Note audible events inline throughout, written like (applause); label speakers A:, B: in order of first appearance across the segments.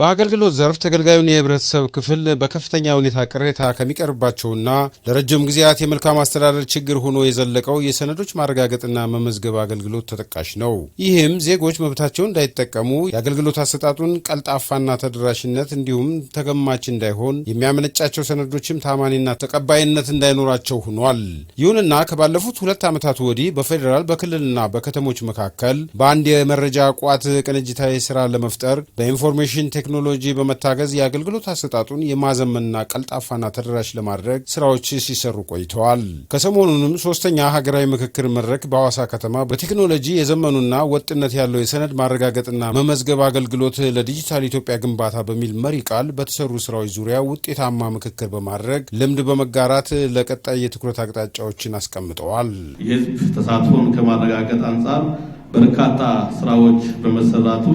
A: በአገልግሎት ዘርፍ ተገልጋዩን የህብረተሰብ ክፍል በከፍተኛ ሁኔታ ቅሬታ ከሚቀርባቸውና ለረጅም ጊዜያት የመልካም አስተዳደር ችግር ሆኖ የዘለቀው የሰነዶች ማረጋገጥና መመዝገብ አገልግሎት ተጠቃሽ ነው። ይህም ዜጎች መብታቸውን እንዳይጠቀሙ የአገልግሎት አሰጣጡን ቀልጣፋና ተደራሽነት እንዲሁም ተገማች እንዳይሆን የሚያመነጫቸው ሰነዶችም ታማኒና ተቀባይነት እንዳይኖራቸው ሆኗል። ይሁንና ከባለፉት ሁለት ዓመታት ወዲህ በፌዴራል በክልልና በከተሞች መካከል በአንድ የመረጃ ቋት ቅንጅታዊ ስራ ለመፍጠር በኢንፎርሜሽን ቴክኖሎጂ በመታገዝ የአገልግሎት አሰጣጡን የማዘመንና ቀልጣፋና ተደራሽ ለማድረግ ስራዎች ሲሰሩ ቆይተዋል። ከሰሞኑንም ሶስተኛ ሀገራዊ ምክክር መድረክ በሐዋሳ ከተማ በቴክኖሎጂ የዘመኑና ወጥነት ያለው የሰነድ ማረጋገጥና መመዝገብ አገልግሎት ለዲጂታል ኢትዮጵያ ግንባታ በሚል መሪ ቃል በተሰሩ ስራዎች ዙሪያ ውጤታማ ምክክር በማድረግ ልምድ በመጋራት ለቀጣይ የትኩረት አቅጣጫዎችን አስቀምጠዋል።
B: የህዝብ ተሳትፎን ከማረጋገጥ አንጻር በርካታ ስራዎች በመሰራቱ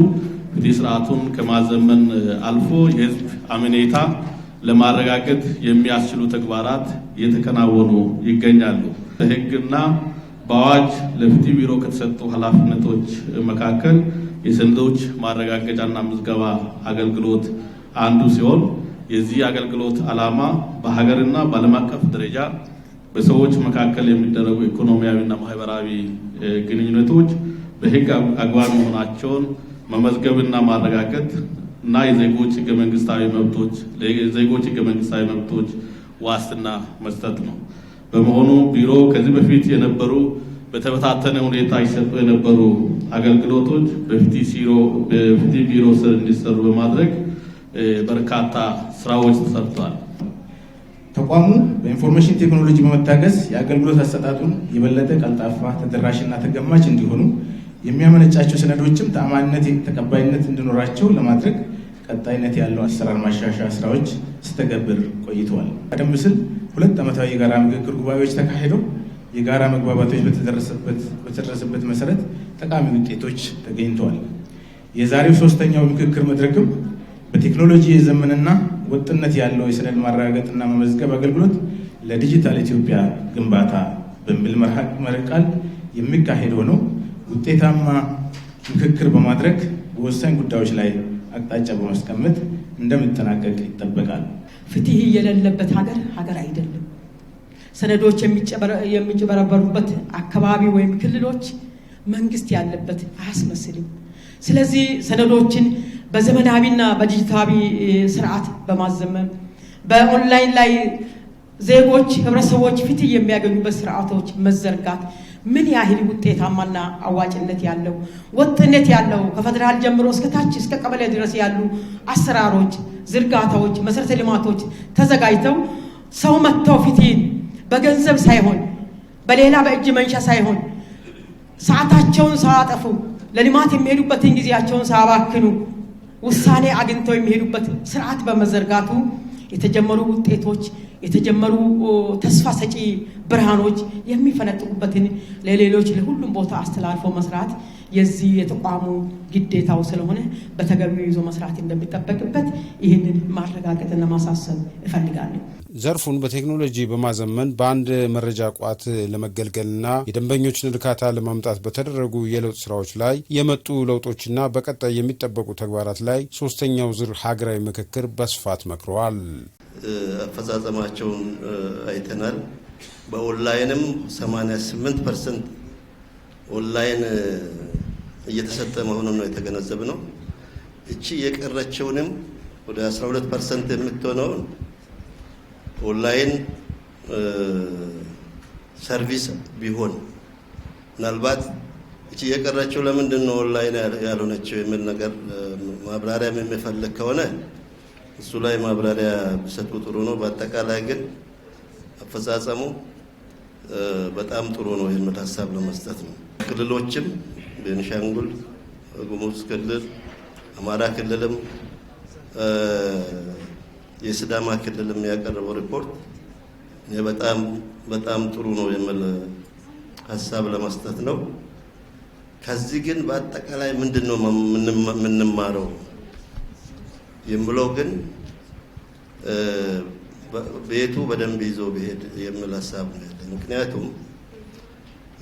B: እንግዲህ ስርዓቱን ከማዘመን አልፎ የህዝብ አመኔታ ለማረጋገጥ የሚያስችሉ ተግባራት እየተከናወኑ ይገኛሉ። በህግና በአዋጅ ለፍትህ ቢሮ ከተሰጡ ኃላፊነቶች መካከል የሰነዶች ማረጋገጫና ምዝገባ አገልግሎት አንዱ ሲሆን የዚህ አገልግሎት ዓላማ በሀገርና በዓለም አቀፍ ደረጃ በሰዎች መካከል የሚደረጉ ኢኮኖሚያዊና ማህበራዊ ግንኙነቶች በህግ አግባብ መሆናቸውን መመዝገብና ማረጋገጥ እና የዜጎች ህገ መንግስታዊ መብቶች ለዜጎች ህገ መንግስታዊ መብቶች ዋስትና መስጠት ነው። በመሆኑ ቢሮ ከዚህ በፊት የነበሩ በተበታተነ ሁኔታ ይሰጡ የነበሩ አገልግሎቶች በፍትህ ቢሮ ስር እንዲሰሩ በማድረግ በርካታ ስራዎች ተሰርተዋል።
A: ተቋሙ በኢንፎርሜሽን ቴክኖሎጂ በመታገዝ የአገልግሎት አሰጣጡን የበለጠ ቀልጣፋ፣ ተደራሽና ተገማች እንዲሆኑ የሚያመነጫቸው ሰነዶችም ተአማንነት ተቀባይነት እንዲኖራቸው ለማድረግ ቀጣይነት ያለው አሰራር ማሻሻያ ስራዎች ስተገብር ቆይተዋል። ቀደም ሲል ሁለት ዓመታዊ የጋራ ምክክር ጉባኤዎች ተካሂደው የጋራ መግባባቶች በተደረሰበት መሰረት ጠቃሚ ውጤቶች ተገኝተዋል። የዛሬው ሶስተኛው ምክክር መድረክም በቴክኖሎጂ የዘመንና ወጥነት ያለው የሰነድ ማረጋገጥና መመዝገብ አገልግሎት ለዲጂታል ኢትዮጵያ ግንባታ በሚል መርቃል ቃል የሚካሄድ ሆነው ውጤታማ ምክክር በማድረግ በወሳኝ ጉዳዮች ላይ አቅጣጫ በማስቀመጥ እንደሚጠናቀቅ ይጠበቃል።
C: ፍትህ የሌለበት ሀገር ሀገር አይደለም። ሰነዶች የሚጭበረበሩበት አካባቢ ወይም ክልሎች መንግስት ያለበት አያስመስልም። ስለዚህ ሰነዶችን በዘመናዊና በዲጂታዊ ስርዓት በማዘመን በኦንላይን ላይ ዜጎች፣ ህብረተሰቦች ፍትህ የሚያገኙበት ስርዓቶች መዘርጋት ምን ያህል ውጤታማና አዋጭነት ያለው ወጥነት ያለው ከፌደራል ጀምሮ እስከ ታች እስከ ቀበሌ ድረስ ያሉ አሰራሮች፣ ዝርጋታዎች፣ መሰረተ ልማቶች ተዘጋጅተው ሰው መጥተው ፊትን በገንዘብ ሳይሆን በሌላ በእጅ መንሻ ሳይሆን ሰዓታቸውን ሳያጠፉ ለልማት የሚሄዱበትን ጊዜያቸውን ሳያባክኑ ውሳኔ አግኝተው የሚሄዱበት ስርዓት በመዘርጋቱ የተጀመሩ ውጤቶች፣ የተጀመሩ ተስፋ ሰጪ ብርሃኖች የሚፈነጥቁበትን ለሌሎች ለሁሉም ቦታ አስተላልፎ መስራት የዚህ የተቋሙ ግዴታው ስለሆነ በተገቢው ይዞ መስራት እንደሚጠበቅበት ይህንን ማረጋገጥን ለማሳሰብ እፈልጋለሁ።
A: ዘርፉን በቴክኖሎጂ በማዘመን በአንድ መረጃ ቋት ለመገልገልና የደንበኞችን እርካታ ለማምጣት በተደረጉ የለውጥ ስራዎች ላይ የመጡ ለውጦችና በቀጣይ የሚጠበቁ ተግባራት ላይ ሶስተኛው ዙር ሀገራዊ ምክክር በስፋት መክረዋል።
D: አፈጻጸማቸውን አይተናል። በኦንላይንም 88 ፐርሰንት ኦንላይን እየተሰጠ መሆኑን ነው የተገነዘብ ነው። እቺ የቀረችውንም ወደ 12 ፐርሰንት የምትሆነውን ኦንላይን ሰርቪስ ቢሆን ምናልባት እቺ የቀረችው ለምንድን ነው ኦንላይን ያልሆነችው የሚል ነገር ማብራሪያም የሚፈልግ ከሆነ እሱ ላይ ማብራሪያ ቢሰጡ ጥሩ ነው። በአጠቃላይ ግን አፈጻጸሙ በጣም ጥሩ ነው የሚል ሀሳብ ለመስጠት ነው። ክልሎችም ቤንሻንጉል ጉሙዝ ክልል፣ አማራ ክልልም የስዳማ ክልልም ያቀረበው ሪፖርት በጣም በጣም ጥሩ ነው የሚል ሀሳብ ለመስጠት ነው። ከዚህ ግን በአጠቃላይ ምንድን ነው የምንማረው የምለው ግን ቤቱ በደንብ ይዞ ብሄድ የሚል ሀሳብ ነው ያለ። ምክንያቱም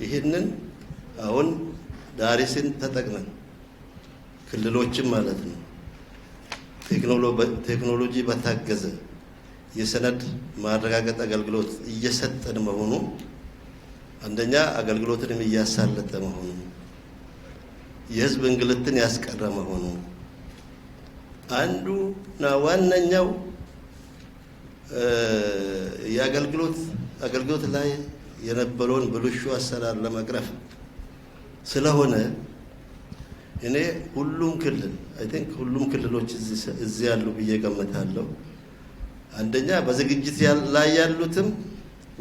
D: ይህንን አሁን ዳሪስን ተጠቅመን ክልሎችን ማለት ነው ቴክኖሎጂ በታገዘ የሰነድ ማረጋገጥ አገልግሎት እየሰጠን መሆኑ አንደኛ አገልግሎትንም እያሳለጠ መሆኑ የሕዝብ እንግልትን ያስቀረ መሆኑ አንዱና ዋነኛው የአገልግሎት አገልግሎት ላይ የነበረውን ብልሹ አሰራር ለመቅረፍ ስለሆነ እኔ ሁሉም ክልል አይ ቲንክ ሁሉም ክልሎች እዚህ ያሉ ብዬ ገምታለሁ። አንደኛ በዝግጅት ላይ ያሉትም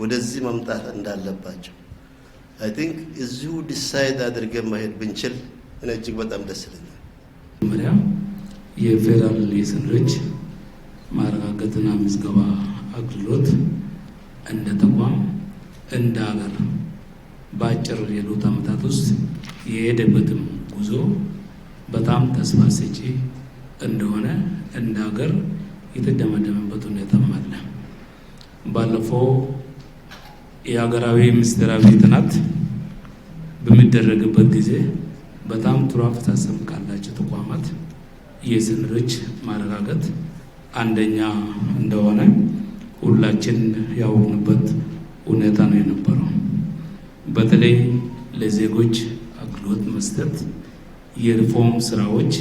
D: ወደዚህ መምጣት እንዳለባቸው አይ ቲንክ እዚሁ ዲሳይድ አድርገን መሄድ ብንችል እኔ እጅግ በጣም ደስ ይለኛል።
E: መጀመሪያ የፌዴራል የሰነዶች ማረጋገጥና ምዝገባ አገልግሎት እንደ ተቋም እንደ ሀገር በአጭር የሉት ዓመታት ውስጥ የሄደበትም ጉዞ በጣም ተስፋ ሰጪ እንደሆነ እንደ ሀገር የተደመደመበት ሁኔታም አለ። ባለፈው የሀገራዊ ምስጢራዊ ጥናት በሚደረግበት ጊዜ በጣም ጥሩ አፈጻጸም ካላቸው ተቋማት የሰነዶች ማረጋገጥ አንደኛ እንደሆነ ሁላችን ያወቅንበት ሁኔታ ነው የነበረው። በተለይ ለዜጎች አገልግሎት መስጠት የሪፎርም ስራዎች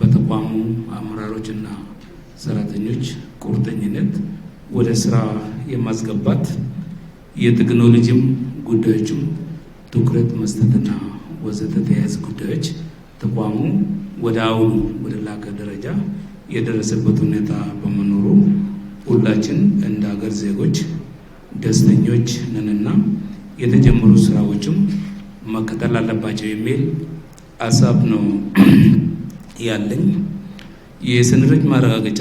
E: በተቋሙ አመራሮች እና ሰራተኞች ቁርጠኝነት ወደ ስራ የማስገባት የቴክኖሎጂም ጉዳዮችም ትኩረት መስጠትና ወዘተ ተያያዥ ጉዳዮች ተቋሙ ወደ አሁኑ ወደ ላቀ ደረጃ የደረሰበት ሁኔታ በመኖሩ ሁላችን እንደ ሀገር ዜጎች ደስተኞች ነንና የተጀመሩ ስራዎችም መከተል አለባቸው የሚል ሀሳብ ነው (clears throat) ያለኝ። የሰነዶች ማረጋገጫ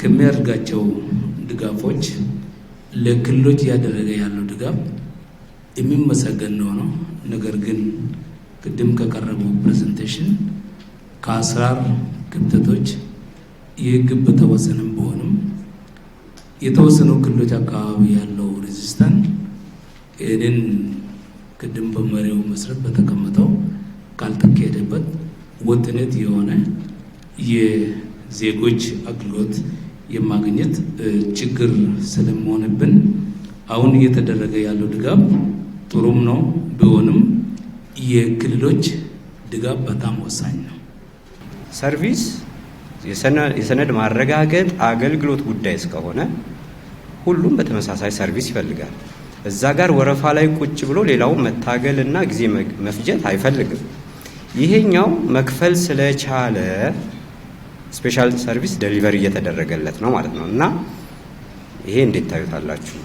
E: ከሚያደርጋቸው ድጋፎች ለክልሎች እያደረገ ያለው ድጋፍ የሚመሰገን ነው ነው። ነገር ግን ቅድም ከቀረበው ፕሬዘንቴሽን ከአስራር ክፍተቶች ይህ ግብ ተወሰንም ቢሆንም የተወሰኑ ክልሎች አካባቢ ያለ ይህንን ቅድም በመሪው መስረት በተቀመጠው ካልተካሄደበት ወጥነት የሆነ የዜጎች አገልግሎት የማግኘት ችግር ስለመሆንብን አሁን እየተደረገ ያለው ድጋፍ ጥሩም ነው ቢሆንም የክልሎች ድጋፍ በጣም ወሳኝ ነው።
F: ሰርቪስ የሰነድ ማረጋገጥ አገልግሎት ጉዳይ እስከሆነ ሁሉም በተመሳሳይ ሰርቪስ ይፈልጋል። እዛ ጋር ወረፋ ላይ ቁጭ ብሎ ሌላው መታገልና ጊዜ መፍጀት አይፈልግም። ይሄኛው መክፈል ስለቻለ ስፔሻል ሰርቪስ ደሊቨሪ እየተደረገለት ነው ማለት ነው። እና ይሄ እንዴት ታዩታላችሁ?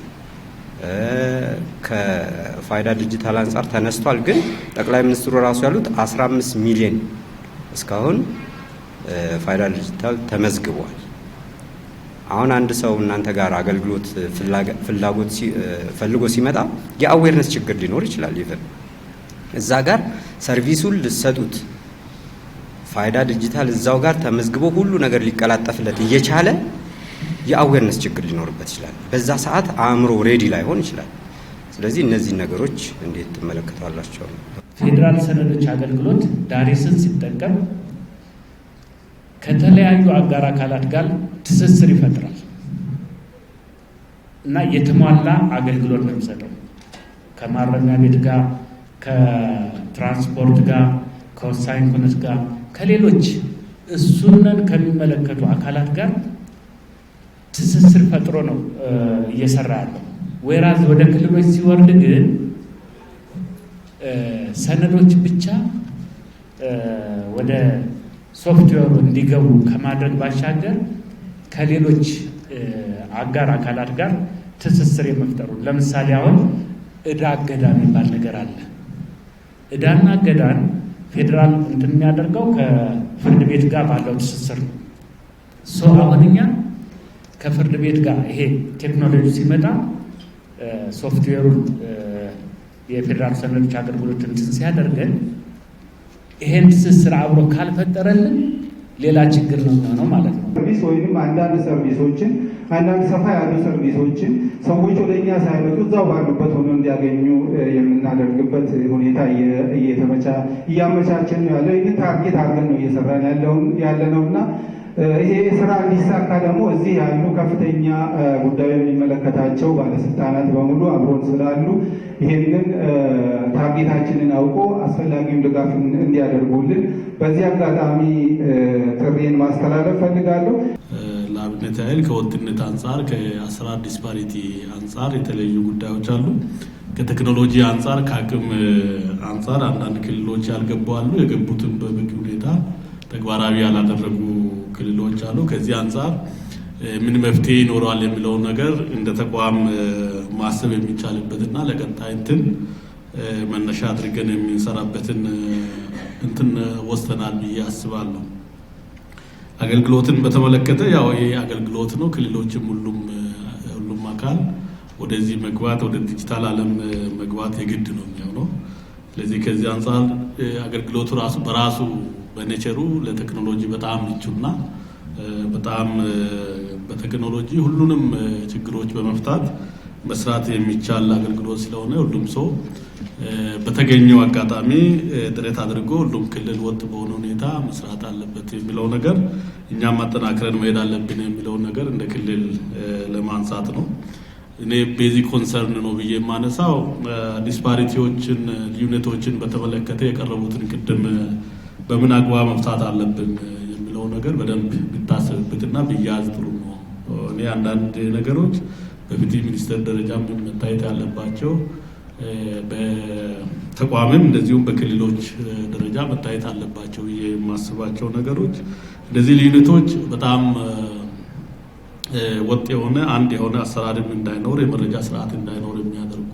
F: ከፋይዳ ዲጂታል አንጻር ተነስቷል። ግን ጠቅላይ ሚኒስትሩ ራሱ ያሉት 15 ሚሊዮን እስካሁን ፋይዳ ዲጂታል ተመዝግቧል። አሁን አንድ ሰው እናንተ ጋር አገልግሎት ፍላጎት ፈልጎ ሲመጣ የአዌርነስ ችግር ሊኖር ይችላል። ይዘን እዛ ጋር ሰርቪሱን ልሰጡት ፋይዳ ዲጂታል እዛው ጋር ተመዝግቦ ሁሉ ነገር ሊቀላጠፍለት እየቻለ የአዌርነስ ችግር ሊኖርበት ይችላል። በዛ ሰዓት አእምሮ ሬዲ ላይሆን ይችላል። ስለዚህ እነዚህን ነገሮች እንዴት ትመለከቷላቸው?
G: ፌዴራል ሰነዶች አገልግሎት ዳሬስን ሲጠቀም ከተለያዩ አጋር አካላት ጋር ትስስር ይፈጥራል እና የተሟላ አገልግሎት ነው የሚሰጠው ከማረሚያ ቤት ጋር ከትራንስፖርት ጋር ከወሳኝ ኩነት ጋር ከሌሎች እሱነን ከሚመለከቱ አካላት ጋር ትስስር ፈጥሮ ነው እየሰራ ያለው። ወይራዝ ወደ ክልሎች ሲወርድ ግን ሰነዶች ብቻ ወደ ሶፍትዌሩ እንዲገቡ ከማድረግ ባሻገር ከሌሎች አጋር አካላት ጋር ትስስር የመፍጠሩ ለምሳሌ አሁን እዳ አገዳ የሚባል ነገር አለ። እዳና አገዳን ፌዴራል እንትን የሚያደርገው ከፍርድ ቤት ጋር ባለው ትስስር ነው። ሶ አሁን እኛ ከፍርድ ቤት ጋር ይሄ ቴክኖሎጂ ሲመጣ ሶፍትዌሩን የፌዴራል ሰነዶች አገልግሎት እንትን ሲያደርገን ይሄን ትስስር አብሮ ካልፈጠረልን ሌላ ችግር ነው የሚሆነው ማለት ነው።
H: ሰርቪስ ወይም አንዳንድ ሰርቪሶችን አንዳንድ ሰፋ ያሉ ሰርቪሶችን ሰዎች ወደ እኛ ሳይመጡ እዛው ባሉበት ሆኖ እንዲያገኙ የምናደርግበት ሁኔታ እየተመቻ እያመቻችን ነው ያለው። ይህን ታርጌት አድርገን ነው እየሰራን ያለውን ያለ ነው እና ይሄ ስራ እንዲሳካ ደግሞ እዚህ ያሉ ከፍተኛ ጉዳዩ የሚመለከታቸው ባለስልጣናት በሙሉ አብሮን ስላሉ ይህንን ታርጌታችንን አውቆ አስፈላጊውን ድጋፍ እንዲያደርጉልን በዚህ አጋጣሚ ጥሪን ማስተላለፍ ፈልጋለሁ።
I: ለአብነት ያህል ከወጥነት አንጻር ከአሰራር ዲስፓሪቲ አንጻር የተለያዩ ጉዳዮች አሉ። ከቴክኖሎጂ አንጻር ከአቅም አንጻር አንዳንድ ክልሎች ያልገቡ አሉ። የገቡትን በበቂ ሁኔታ ተግባራዊ ያላደረጉ ክልሎች አሉ። ከዚህ አንጻር ምን መፍትሄ ይኖረዋል የሚለውን ነገር እንደ ተቋም ማሰብ የሚቻልበትና ለቀጣይ እንትን መነሻ አድርገን የምንሰራበትን እንትን ወስተናል ብዬ አስባለሁ። አገልግሎትን በተመለከተ ያው ይሄ አገልግሎት ነው። ክልሎችም ሁሉም ሁሉም አካል ወደዚህ መግባት ወደ ዲጂታል ዓለም መግባት የግድ ነው የሚሆነው። ስለዚህ ከዚህ አንጻር አገልግሎቱ ራሱ በራሱ በኔቸሩ ለቴክኖሎጂ በጣም ምቹና በጣም በቴክኖሎጂ ሁሉንም ችግሮች በመፍታት መስራት የሚቻል አገልግሎት ስለሆነ ሁሉም ሰው በተገኘው አጋጣሚ ጥረት አድርጎ ሁሉም ክልል ወጥ በሆነ ሁኔታ መስራት አለበት የሚለው ነገር እኛም ማጠናከረን መሄድ አለብን የሚለውን ነገር እንደ ክልል ለማንሳት ነው። እኔ ቤዚክ ኮንሰርን ነው ብዬ የማነሳው ዲስፓሪቲዎችን ልዩነቶችን በተመለከተ የቀረቡትን ቅድም በምን አግባብ መፍታት አለብን የሚለው ነገር በደንብ ቢታሰብበትና ቢያዝ ጥሩ ነው። እኔ አንዳንድ ነገሮች በፍትህ ሚኒስቴር ደረጃ መታየት ያለባቸው በተቋምም እንደዚሁም በክልሎች ደረጃ መታየት አለባቸው የማስባቸው ነገሮች እንደዚህ ልዩነቶች በጣም ወጥ የሆነ አንድ የሆነ አሰራርም እንዳይኖር የመረጃ ስርዓት እንዳይኖር የሚያደርጉ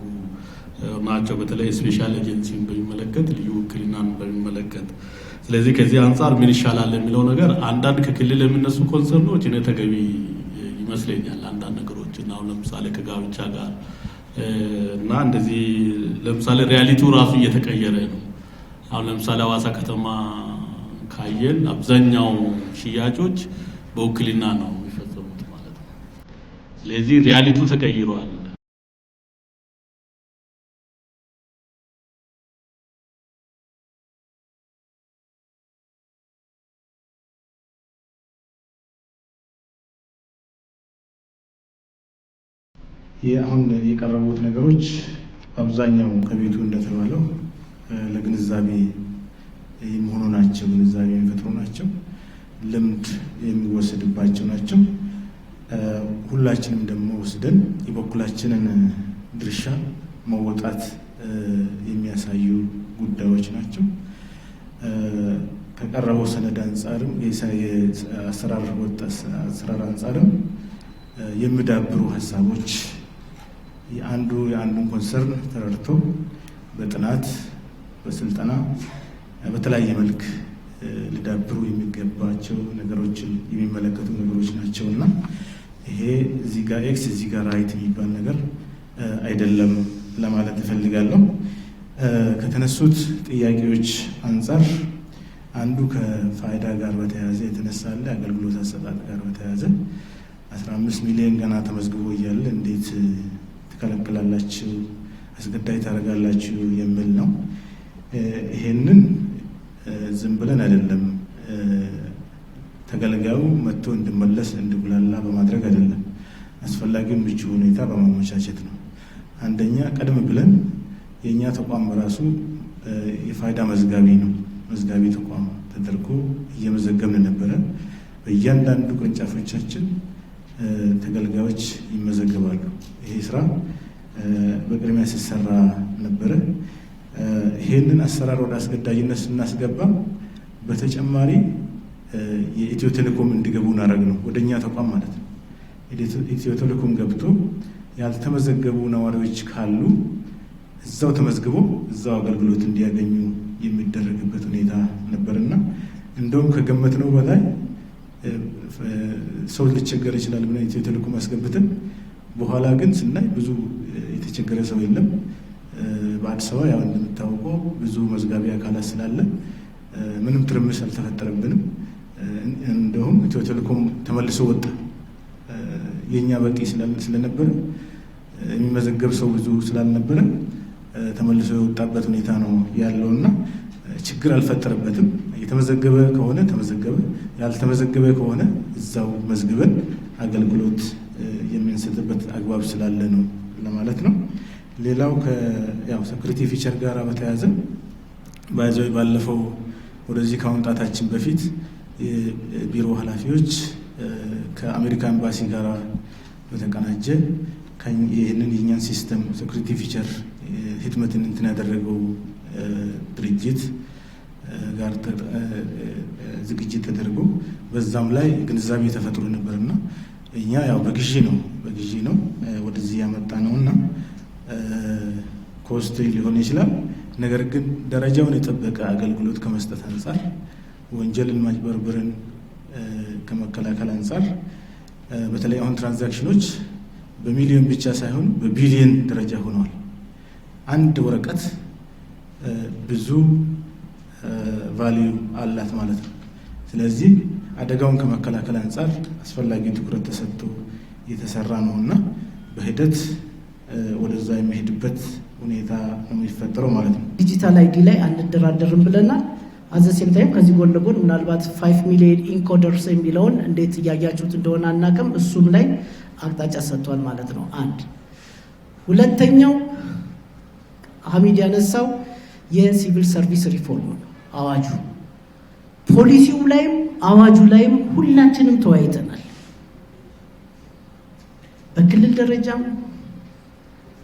I: ናቸው። በተለይ ስፔሻል ኤጀንሲን በሚመለከት ልዩ ውክልናን በሚመለከት ስለዚህ ከዚህ አንጻር ምን ይሻላል የሚለው ነገር አንዳንድ ከክልል የሚነሱ ኮንሰርኖች እኔ ተገቢ ይመስለኛል። አንዳንድ ነገሮች እና አሁን ለምሳሌ ከጋብቻ ጋር እና እንደዚህ ለምሳሌ ሪያሊቲው ራሱ እየተቀየረ ነው። አሁን ለምሳሌ ሐዋሳ ከተማ ካየን አብዛኛው ሽያጮች በውክልና ነው የሚፈጸሙት ማለት ነው። ስለዚህ ሪያሊቲው ተቀይሯል።
J: አሁን የቀረቡት ነገሮች አብዛኛው ከቤቱ እንደተባለው ለግንዛቤ የሚሆኑ ናቸው፣ ግንዛቤ የሚፈጥሩ ናቸው፣ ልምድ የሚወሰድባቸው ናቸው። ሁላችንም ደግሞ ወስደን የበኩላችንን ድርሻ መወጣት የሚያሳዩ ጉዳዮች ናቸው። ከቀረበው ሰነድ አንጻርም የአሰራር ወጥ አሰራር አንጻርም የሚዳብሩ ሀሳቦች የአንዱ የአንዱን ኮንሰርን ተረድቶ በጥናት በስልጠና በተለያየ መልክ ሊዳብሩ የሚገባቸው ነገሮችን የሚመለከቱ ነገሮች ናቸው እና ይሄ እዚህ ጋር ኤክስ እዚህ ጋር ራይት የሚባል ነገር አይደለም ለማለት እፈልጋለሁ። ከተነሱት ጥያቄዎች አንጻር አንዱ ከፋይዳ ጋር በተያያዘ የተነሳለ አገልግሎት አሰጣጥ ጋር በተያያዘ 15 ሚሊዮን ገና ተመዝግቦ እያለ እንዴት ትከለክላላችሁ፣ አስገዳጅ ታደርጋላችሁ የሚል ነው። ይሄንን ዝም ብለን አይደለም ተገልጋዩ መጥቶ እንድመለስ እንድጉላላ በማድረግ አይደለም፣ አስፈላጊው ምቹ ሁኔታ በማመቻቸት ነው። አንደኛ ቀደም ብለን የእኛ ተቋም ራሱ የፋይዳ መዝጋቢ ነው። መዝጋቢ ተቋም ተደርጎ እየመዘገብን ነበረ። በእያንዳንዱ ቅርንጫፎቻችን ተገልጋዮች ይመዘገባሉ። ይሄ ስራ በቅድሚያ ሲሰራ ነበረ። ይህንን አሰራር ወደ አስገዳጅነት ስናስገባ በተጨማሪ የኢትዮ ቴሌኮም እንዲገቡ እናደረግ ነው። ወደ እኛ ተቋም ማለት ነው። ኢትዮ ቴሌኮም ገብቶ ያልተመዘገቡ ነዋሪዎች ካሉ እዛው ተመዝግቦ እዛው አገልግሎት እንዲያገኙ የሚደረግበት ሁኔታ ነበርና እንደውም ከገመት ነው በላይ ሰው ሊቸገር ይችላል ብለን ኢትዮ ቴሌኮም አስገብተን በኋላ ግን ስናይ ብዙ የተቸገረ ሰው የለም። በአዲስ አበባ ያው እንደምታወቀው ብዙ መዝጋቢ አካላት ስላለ ምንም ትርምስ አልተፈጠረብንም። እንደውም ኢትዮ ቴሌኮም ተመልሶ ወጣ። የእኛ በቂ ስለነበረ የሚመዘገብ ሰው ብዙ ስላልነበረ ተመልሶ የወጣበት ሁኔታ ነው ያለው ችግር አልፈጠረበትም። የተመዘገበ ከሆነ ተመዘገበ፣ ያልተመዘገበ ከሆነ እዛው መዝግበን አገልግሎት የምንስትበት አግባብ ስላለ ነው ለማለት ነው። ሌላው ያው ፊቸር ጋር በተያያዘ ባይዘዊ ባለፈው ወደዚህ ከመምጣታችን በፊት የቢሮ ኃላፊዎች ከአሜሪካ ኤምባሲ ጋር በተቀናጀ ይህንን የኛን ሲስተም ሴኩሪቲ ፊቸር ህትመትን እንትን ያደረገው ድርጅት ጋር ዝግጅት ተደርጎ በዛም ላይ ግንዛቤ ተፈጥሮ ነበርና እኛ ያው በግዢ ነው በግዢ ነው ወደዚህ ያመጣ ነው እና ኮስት ሊሆን ይችላል። ነገር ግን ደረጃውን የጠበቀ አገልግሎት ከመስጠት አንጻር ወንጀልን ማጭበርበርን ከመከላከል አንጻር በተለይ አሁን ትራንዛክሽኖች በሚሊዮን ብቻ ሳይሆን በቢሊየን ደረጃ ሆኗል። አንድ ወረቀት ብዙ ቫሊዩ አላት ማለት ነው። ስለዚህ አደጋውን ከመከላከል አንጻር አስፈላጊውን ትኩረት ተሰጥቶ እየተሰራ ነው እና በሂደት ወደዛ የሚሄድበት ሁኔታ ነው የሚፈጠረው ማለት ነው።
C: ዲጂታል አይዲ ላይ አንደራደርም ብለናል። አዘሴም ታይም ከዚህ ጎን ለጎን ምናልባት ፋይቭ ሚሊዮን ኢንኮደርስ የሚለውን እንዴት እያያችሁት እንደሆነ አናውቅም። እሱም ላይ አቅጣጫ ሰጥቷል ማለት ነው። አንድ ሁለተኛው ሀሚድ ያነሳው የሲቪል ሰርቪስ ሪፎርም አዋጁ ፖሊሲው ላይም አዋጁ ላይም ሁላችንም ተወያይተናል። በክልል ደረጃም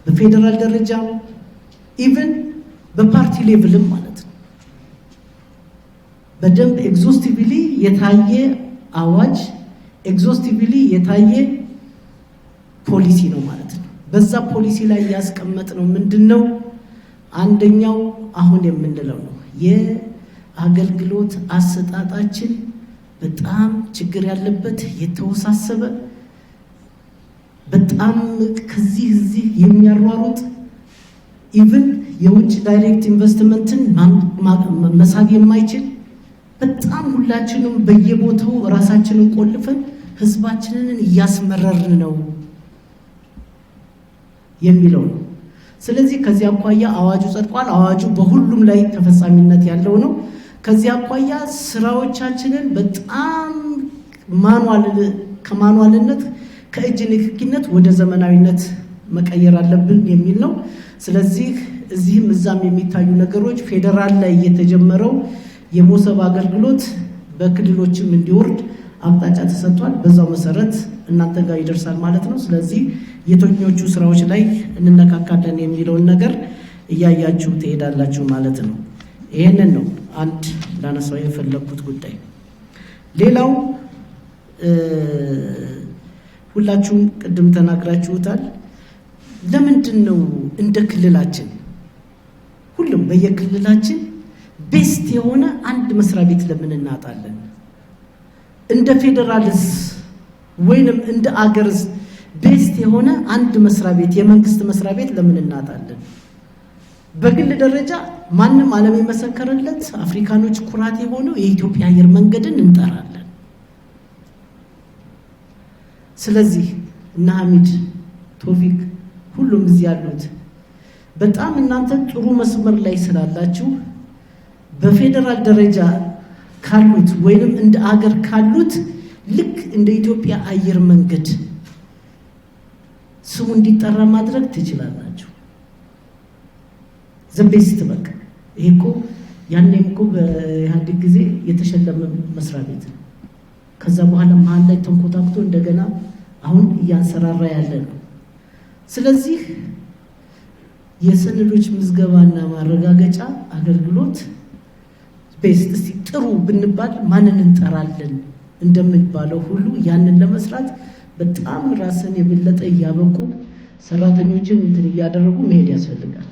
C: በፌዴራል ደረጃም ኢቨን በፓርቲ ሌቭልም ማለት ነው። በደንብ ኤግዞስቲቪሊ የታየ አዋጅ ኤግዞስቲቭሊ የታየ ፖሊሲ ነው ማለት ነው። በዛ ፖሊሲ ላይ ያስቀመጥ ነው ምንድን ነው አንደኛው አሁን የምንለው ነው አገልግሎት አሰጣጣችን በጣም ችግር ያለበት የተወሳሰበ በጣም ከዚህ እዚህ የሚያሯሩጥ ኢቭን የውጭ ዳይሬክት ኢንቨስትመንትን መሳብ የማይችል በጣም ሁላችንም በየቦታው ራሳችንን ቆልፈን ህዝባችንን እያስመረርን ነው የሚለው ነው። ስለዚህ ከዚህ አኳያ አዋጁ ጸድቋል። አዋጁ በሁሉም ላይ ተፈጻሚነት ያለው ነው። ከዚህ አኳያ ስራዎቻችንን በጣም ማኗል ከማኗልነት ከእጅ ንክኪነት ወደ ዘመናዊነት መቀየር አለብን የሚል ነው። ስለዚህ እዚህም እዛም የሚታዩ ነገሮች ፌዴራል ላይ የተጀመረው የሞሰብ አገልግሎት በክልሎችም እንዲወርድ አቅጣጫ ተሰጥቷል። በዛው መሰረት እናንተ ጋር ይደርሳል ማለት ነው። ስለዚህ የትኞቹ ስራዎች ላይ እንነካካለን የሚለውን ነገር እያያችሁ ትሄዳላችሁ ማለት ነው። ይህንን ነው። አንድ ላነሳው የፈለግኩት ጉዳይ። ሌላው ሁላችሁም ቅድም ተናግራችሁታል። ለምንድን ነው እንደ ክልላችን ሁሉም በየክልላችን ቤስት የሆነ አንድ መስሪያ ቤት ለምን እናጣለን? እንደ ፌዴራልስ ወይንም እንደ አገርስ ቤስት የሆነ አንድ መስሪያ ቤት የመንግስት መስሪያ ቤት ለምን እናጣለን? በግል ደረጃ ማንም ዓለም የመሰከረለት አፍሪካኖች ኩራት የሆነው የኢትዮጵያ አየር መንገድን እንጠራለን። ስለዚህ እነ ሐሚድ ቶፊክ፣ ሁሉም እዚህ ያሉት በጣም እናንተ ጥሩ መስመር ላይ ስላላችሁ በፌዴራል ደረጃ ካሉት ወይንም እንደ አገር ካሉት ልክ እንደ ኢትዮጵያ አየር መንገድ ስሙ እንዲጠራ ማድረግ ትችላላችሁ። ዘንቤ ስትበቅ ይሄ እኮ ያኔም እኮ በኢህአዴግ ጊዜ የተሸለመ መስሪያ ቤት ነው። ከዛ በኋላ መሀል ላይ ተንኮታኩቶ እንደገና አሁን እያንሰራራ ያለ ነው። ስለዚህ የሰነዶች ምዝገባና ማረጋገጫ አገልግሎት ቤስት እስቲ ጥሩ ብንባል ማንን እንጠራለን እንደሚባለው ሁሉ ያንን ለመስራት በጣም ራስን የበለጠ እያበቁ ሰራተኞችን እንትን እያደረጉ መሄድ ያስፈልጋል።